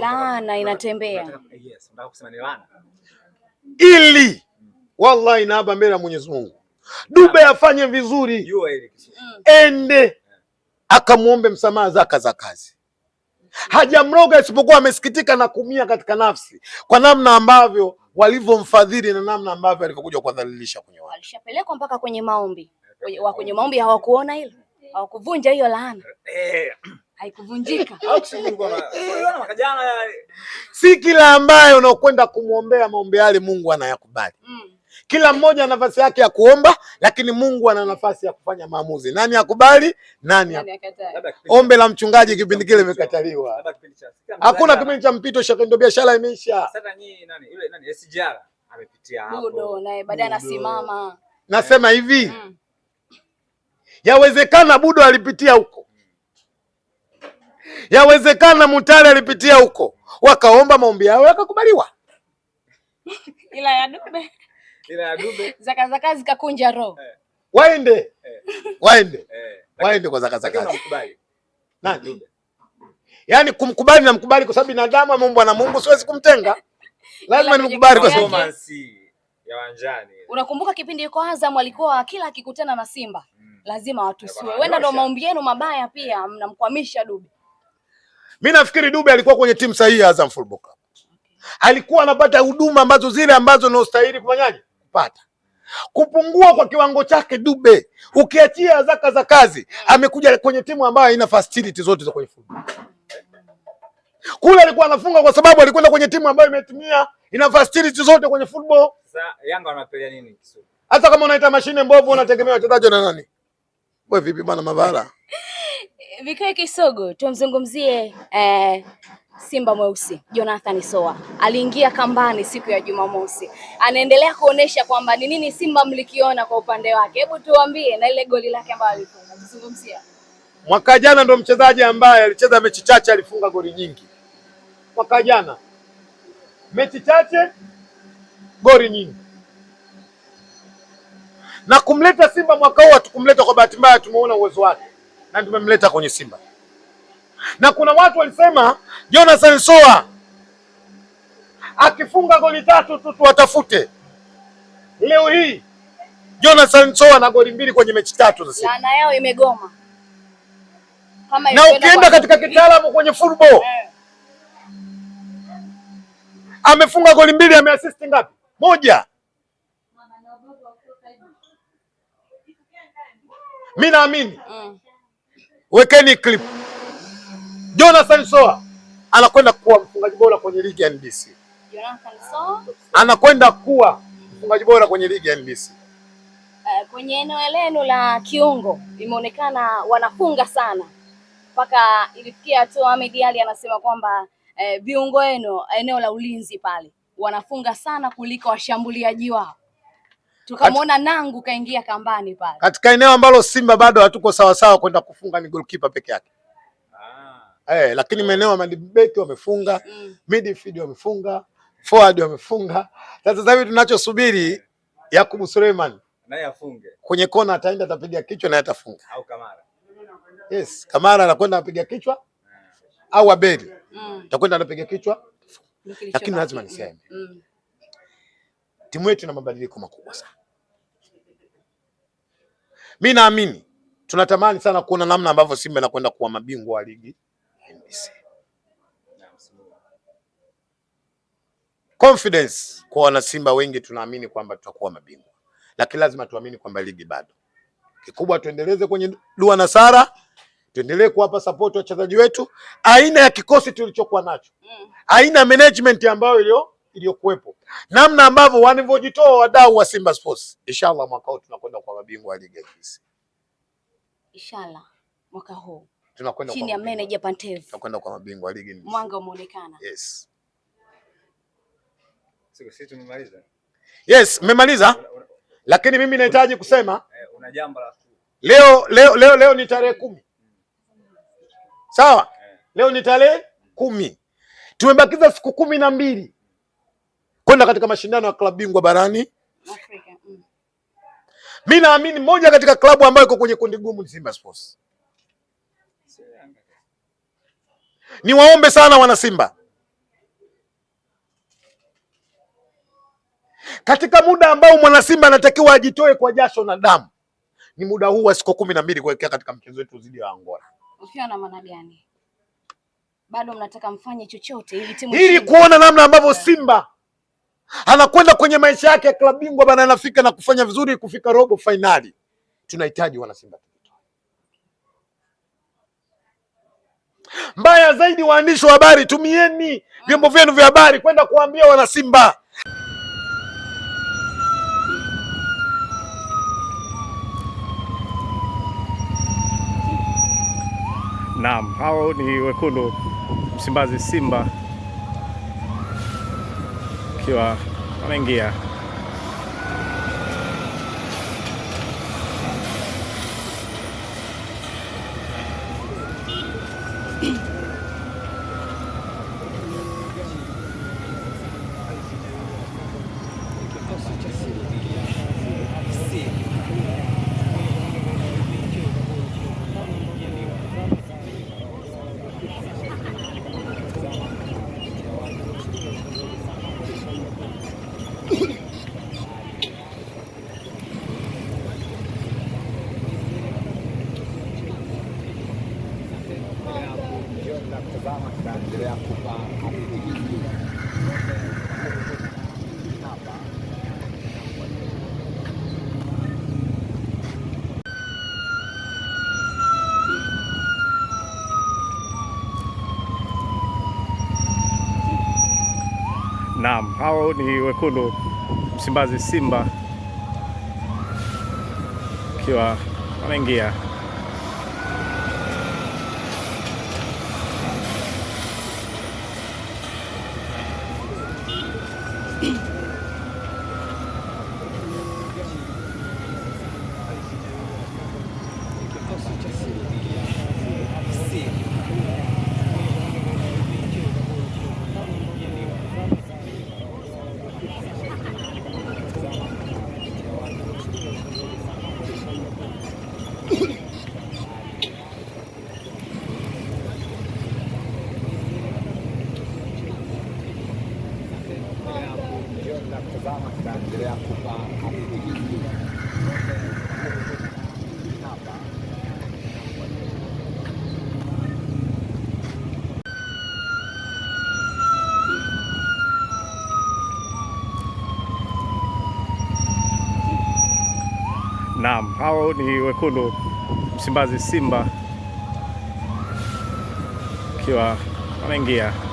laana inatembea. Yes, kusema ni laana ili wallahi naaba mbele ya Mwenyezi Mungu Dube afanye vizuri mm. ende akamwombe msamaha zaka za kazi, hajamroga isipokuwa amesikitika na kumia katika nafsi kwa namna ambavyo walivyomfadhili na namna ambavyo alivyokuja kuwadhalilisha kwenye watu. Alishapelekwa mpaka kwenye maombi, wa kwenye maombi hawakuona hilo, hawakuvunja hiyo laana eh haikuvunjika si kila ambaye unaokwenda kumwombea maombi yale Mungu anayakubali. Mm. Kila mmoja ana nafasi yake ya kuomba, lakini Mungu ana nafasi ya kufanya maamuzi, nani akubali, nani akatae. Ombe la mchungaji kipindi kile limekataliwa, hakuna kipindi cha mpito shaka, ndio biashara imeisha. Nasema hivi, mm. yawezekana Budo alipitia huko Yawezekana Mutale alipitia huko, wakaomba maombi yao yakakubaliwa, ila ya Dube, ila ya Dube zaka zaka zikakunja roho eh. Waende eh. waende eh. waende kwa zaka zaka nani? Yaani kumkubali namkubali kwa sababu binadamu ameumbwa na Mungu, siwezi kumtenga, lazima nimkubali kwa sababu ya wanjani. Unakumbuka kipindi yuko Azam alikuwa kila akikutana na Simba mm. lazima watusue. Eh, Wenda ndo maombi yenu mabaya pia mnamkwamisha Dube. Mi nafikiri Dube alikuwa kwenye timu sahihi ya Azam Football Club, alikuwa anapata huduma ambazo zile ambazo naostahili kufanyaje kupata. Kupungua kwa kiwango chake Dube, ukiachia zaka za kazi, amekuja kwenye timu ambayo haina facility zote za kwenye football. Kule alikuwa anafunga kwa sababu alikwenda kwenye timu ambayo imetumia ina facility zote kwenye football. Sasa Yanga wanapelea nini Hata kama unaita mashine mbovu unategemea wachezaji na nani? Wewe vipi bwana Mavara? vikae Kisogo tumzungumzie eh, Simba mweusi Jonathan Soa aliingia kambani siku ya Jumamosi, anaendelea kuonesha kwamba ni nini Simba mlikiona kwa upande wake. Hebu tuambie na ile goli lake ambalo alifunga, tuzungumzie. Mwaka jana ndo mchezaji ambaye alicheza mechi chache alifunga goli nyingi. Mwaka jana mechi chache, goli nyingi, na kumleta Simba mwaka huu hatukumleta kwa bahati mbaya, tumeona uwezo wake na tumemleta kwenye Simba. Na kuna watu walisema Jonathan Soa akifunga goli tatu tu tuwatafute. Leo hii Jonathan Soa na goli mbili kwenye mechi tatu za Simba. Laana yao imegoma. Kama na ukienda katika kitaalamu kwenye football eh. amefunga goli mbili, ameassist ngapi? Moja. Mimi naamini mm. Wekeni clip. Jonathan Soa anakwenda kuwa mfungaji bora kwenye ligi ya NBC. Jonathan Soa anakwenda kuwa mfungaji bora kwenye ligi ya NBC. Uh, eh, kwenye eneo lenu la kiungo imeonekana wanafunga sana mpaka ilifikia hatua Ahmed Ali anasema kwamba eh, viungo eh, wenu eneo la ulinzi pale wanafunga sana kuliko washambuliaji wao tukamwona nangu kaingia kambani pale katika eneo ambalo Simba bado hatuko sawasawa kwenda kufunga, ni golkipa peke yake ah. Hey, eh, lakini maeneo ya madibeki wamefunga mm. midfield wamefunga forward wamefunga. Sasa hivi tunachosubiri eh. Yakubu Suleiman naye afunge kwenye kona, ataenda atapiga kichwa naye atafunga, au Kamara. Yes, Kamara anakwenda anapiga kichwa ah. au Abeli mm. atakwenda mm. anapiga kichwa, lakini lazima niseme mm. mm. timu yetu ina mabadiliko makubwa sana mi naamini tunatamani sana kuona namna ambavyo Simba inakwenda kuwa mabingwa wa ligi NBC. Confidence kwa wanasimba wengi, tunaamini kwamba tutakuwa mabingwa, lakini lazima tuamini kwamba ligi bado kikubwa, tuendeleze kwenye dua na sara, tuendelee kuwapa support wachezaji wetu, aina ya kikosi tulichokuwa nacho, mm. aina ya management ambayo ilio iliyokuwepo, namna ambavyo wanavyojitoa wadau wa Simba Sports. Inshallah mwaka huu tunakwenda kwa mabingwa wa ligi ya KCC. Inshallah mwaka huu tunakwenda chini ya manager Pantev, tunakwenda kwa mabingwa wa ligi. Mwanga umeonekana. Yes, sisi tumemaliza. Yes, mmemaliza, lakini mimi nahitaji kusema eh, una jambo la leo. Leo leo leo ni tarehe kumi, sawa? Eh. Leo ni tarehe kumi, tumebakiza siku kumi na mbili kwenda katika mashindano ya klabu bingwa barani Afrika. Mm. Mi naamini moja katika klabu ambayo iko kwenye kundi gumu ni Simba Sports. Niwaombe sana wana Simba, katika muda ambao mwana Simba anatakiwa ajitoe kwa jasho na damu ni muda huu wa siku kumi na mbili kuelekea katika mchezo wetu dhidi ya Angola. Ukiwa na maana gani? Bado mnataka mfanye chochote ili timu ili kuona namna ambavyo eh. Simba anakwenda kwenye maisha yake ya klabu bingwa bana, anafika na kufanya vizuri, kufika robo fainali. Tunahitaji wana Simba mbaya zaidi. Waandishi wa habari, tumieni vyombo vyenu vya habari kwenda kuambia wana Simba Naam, hao ni wekundu Msimbazi Simba はごめんぎや。kututazama, tutaendelea kupa hadithi Naam, hao ni wekundu Msimbazi Simba, akiwa wanaingia tunatazama tunaendelea kupa hadithi hapa. Naam, hao ni wekundu Msimbazi Simba, akiwa wanaingia